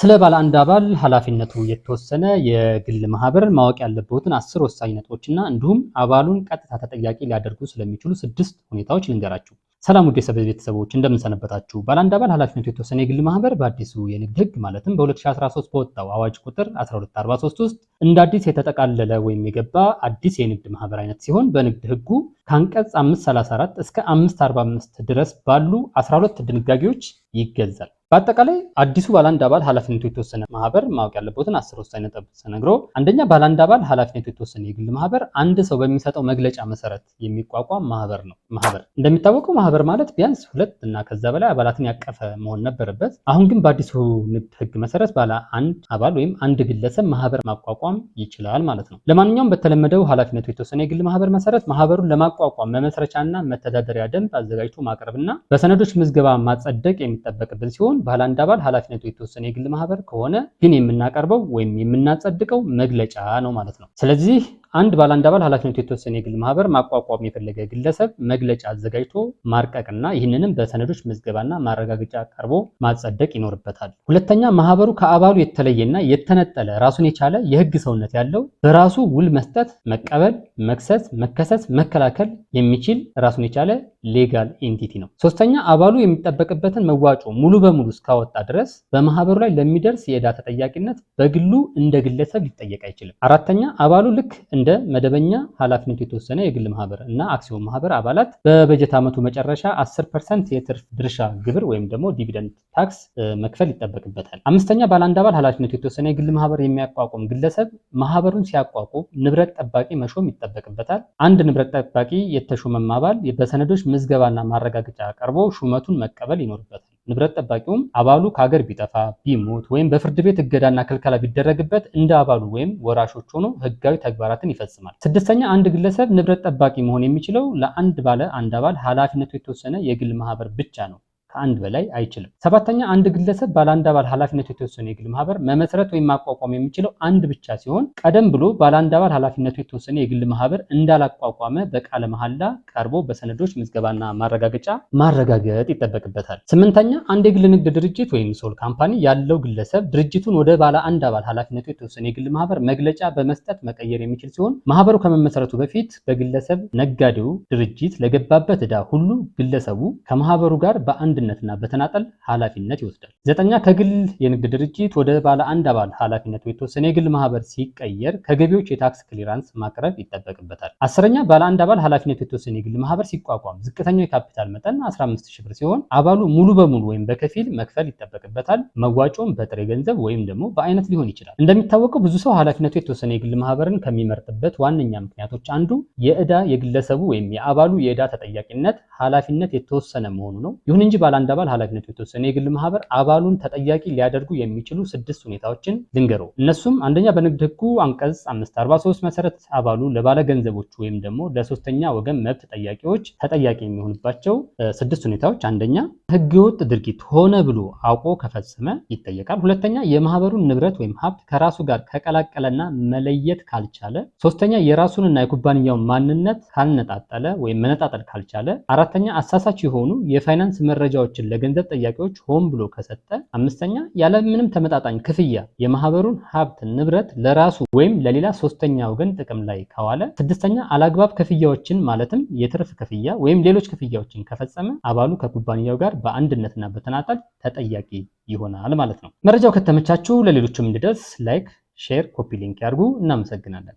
ስለ ባለ አንድ አባል ኃላፊነቱ የተወሰነ የግል ማህበር ማወቅ ያለበትን አስር ወሳኝ ነጥቦችና እንዲሁም አባሉን ቀጥታ ተጠያቂ ሊያደርጉ ስለሚችሉ ስድስት ሁኔታዎች ልንገራችሁ። ሰላም ውድ የሰበዝ ቤተሰቦች እንደምንሰነበታችሁ። ባለ አንድ አባል ኃላፊነቱ የተወሰነ የግል ማህበር በአዲሱ የንግድ ህግ ማለትም በ2013 በወጣው አዋጅ ቁጥር 1243 ውስጥ እንደ አዲስ የተጠቃለለ ወይም የገባ አዲስ የንግድ ማህበር አይነት ሲሆን በንግድ ህጉ ከአንቀጽ 534 እስከ 545 ድረስ ባሉ 12 ድንጋጌዎች ይገዛል። በአጠቃላይ አዲሱ ባላንድ አባል ኃላፊነቱ የተወሰነ ማህበር ማወቅ ያለበትን አስር ወሳኝ ነጥብ ተነግሮ፣ አንደኛ ባላንድ አባል ኃላፊነቱ የተወሰነ የግል ማህበር አንድ ሰው በሚሰጠው መግለጫ መሰረት የሚቋቋም ማህበር ነው። ማህበር እንደሚታወቀው ማህበር ማለት ቢያንስ ሁለት እና ከዛ በላይ አባላትን ያቀፈ መሆን ነበረበት። አሁን ግን በአዲሱ ንግድ ህግ መሰረት ባለ አንድ አባል ወይም አንድ ግለሰብ ማህበር ማቋቋም ይችላል ማለት ነው። ለማንኛውም በተለመደው ኃላፊነቱ የተወሰነ የግል ማህበር መሰረት ማህበሩን ለማቋቋም መመስረቻና መተዳደሪያ ደንብ አዘጋጅቶ ማቅረብና በሰነዶች ምዝገባ ማጸደቅ የሚጠበቅብን ሲሆን ባለ አንድ አባል ኃላፊነቱ የተወሰነ የግል ማህበር ከሆነ ግን የምናቀርበው ወይም የምናጸድቀው መግለጫ ነው ማለት ነው። ስለዚህ አንድ ባለ ባል አባል ኃላፊነቱ የተወሰነ የግል ማህበር ማቋቋም የፈለገ ግለሰብ መግለጫ አዘጋጅቶ ማርቀቅና ይህንንም በሰነዶች ምዝገባና ማረጋገጫ ቀርቦ ማጸደቅ ይኖርበታል። ሁለተኛ ማህበሩ ከአባሉ የተለየና የተነጠለ ራሱን የቻለ የህግ ሰውነት ያለው በራሱ ውል መስጠት፣ መቀበል፣ መክሰስ፣ መከሰስ፣ መከላከል የሚችል ራሱን የቻለ ሌጋል ኤንቲቲ ነው። ሶስተኛ አባሉ የሚጠበቅበትን መዋጮ ሙሉ በሙሉ እስካወጣ ድረስ በማህበሩ ላይ ለሚደርስ የዕዳ ተጠያቂነት በግሉ እንደ ግለሰብ ሊጠየቅ አይችልም። አራተኛ አባሉ ልክ እንደ መደበኛ ኃላፊነቱ የተወሰነ የግል ማህበር እና አክሲዮን ማህበር አባላት በበጀት ዓመቱ መጨረሻ 10 ፐርሰንት የትርፍ ድርሻ ግብር ወይም ደግሞ ዲቪደንድ ታክስ መክፈል ይጠበቅበታል። አምስተኛ ባለ አንድ አባል ኃላፊነቱ የተወሰነ የግል ማህበር የሚያቋቁም ግለሰብ ማህበሩን ሲያቋቁም ንብረት ጠባቂ መሾም ይጠበቅበታል። አንድ ንብረት ጠባቂ የተሾመም አባል በሰነዶች ምዝገባና ማረጋገጫ ቀርቦ ሹመቱን መቀበል ይኖርበታል። ንብረት ጠባቂውም አባሉ ከሀገር ቢጠፋ ቢሞት ወይም በፍርድ ቤት እገዳና ክልከላ ቢደረግበት እንደ አባሉ ወይም ወራሾች ሆኖ ህጋዊ ተግባራትን ይፈጽማል። ስድስተኛ አንድ ግለሰብ ንብረት ጠባቂ መሆን የሚችለው ለአንድ ባለ አንድ አባል ኃላፊነቱ የተወሰነ የግል ማህበር ብቻ ነው። ከአንድ በላይ አይችልም። ሰባተኛ አንድ ግለሰብ ባለ አንድ አባል ኃላፊነቱ የተወሰነ የግል ማህበር መመስረት ወይም ማቋቋም የሚችለው አንድ ብቻ ሲሆን ቀደም ብሎ ባለ አንድ አባል ኃላፊነቱ የተወሰነ የግል ማህበር እንዳላቋቋመ በቃለ መሐላ ቀርቦ በሰነዶች ምዝገባና ማረጋገጫ ማረጋገጥ ይጠበቅበታል። ስምንተኛ አንድ የግል ንግድ ድርጅት ወይም ሶል ካምፓኒ ያለው ግለሰብ ድርጅቱን ወደ ባለ አንድ አባል ኃላፊነቱ የተወሰነ የግል ማህበር መግለጫ በመስጠት መቀየር የሚችል ሲሆን ማህበሩ ከመመሰረቱ በፊት በግለሰብ ነጋዴው ድርጅት ለገባበት ዕዳ ሁሉ ግለሰቡ ከማህበሩ ጋር በአንድ ኃላፊነትና በተናጠል ኃላፊነት ይወስዳል። ዘጠኛ ከግል የንግድ ድርጅት ወደ ባለ አንድ አባል ኃላፊነቱ የተወሰነ የግል ማህበር ሲቀየር ከገቢዎች የታክስ ክሊራንስ ማቅረብ ይጠበቅበታል። አስረኛ ባለ አንድ አባል ኃላፊነቱ የተወሰነ የግል ማህበር ሲቋቋም ዝቅተኛው የካፒታል መጠን 15 ሺህ ብር ሲሆን አባሉ ሙሉ በሙሉ ወይም በከፊል መክፈል ይጠበቅበታል። መዋጮም በጥሬ ገንዘብ ወይም ደግሞ በአይነት ሊሆን ይችላል። እንደሚታወቀው ብዙ ሰው ኃላፊነቱ የተወሰነ የግል ማህበርን ከሚመርጥበት ዋነኛ ምክንያቶች አንዱ የእዳ የግለሰቡ ወይም የአባሉ የእዳ ተጠያቂነት ኃላፊነት የተወሰነ መሆኑ ነው። ይሁን እንጂ አባል አንድ አባል ኃላፊነቱ የተወሰነ የግል ማህበር አባሉን ተጠያቂ ሊያደርጉ የሚችሉ ስድስት ሁኔታዎችን ልንገሩ። እነሱም አንደኛ በንግድ ህጉ አንቀጽ 543 መሰረት አባሉ ለባለ ገንዘቦቹ ወይም ደግሞ ለሶስተኛ ወገን መብት ጠያቂዎች ተጠያቂ የሚሆንባቸው ስድስት ሁኔታዎች፣ አንደኛ ህገወጥ ድርጊት ሆነ ብሎ አውቆ ከፈጸመ ይጠየቃል። ሁለተኛ የማህበሩን ንብረት ወይም ሀብት ከራሱ ጋር ከቀላቀለና መለየት ካልቻለ። ሶስተኛ የራሱንና የኩባንያውን ማንነት ካልነጣጠለ ወይም መነጣጠል ካልቻለ። አራተኛ አሳሳች የሆኑ የፋይናንስ መረጃ መረጃዎችን ለገንዘብ ጠያቂዎች ሆን ብሎ ከሰጠ፣ አምስተኛ ያለምንም ተመጣጣኝ ክፍያ የማህበሩን ሀብት ንብረት ለራሱ ወይም ለሌላ ሶስተኛ ወገን ጥቅም ላይ ካዋለ፣ ስድስተኛ አላግባብ ክፍያዎችን ማለትም የትርፍ ክፍያ ወይም ሌሎች ክፍያዎችን ከፈጸመ አባሉ ከኩባንያው ጋር በአንድነትና በተናጠል ተጠያቂ ይሆናል ማለት ነው። መረጃው ከተመቻችሁ ለሌሎችም እንዲደርስ ላይክ፣ ሼር፣ ኮፒ ሊንክ ያድርጉ። እናመሰግናለን።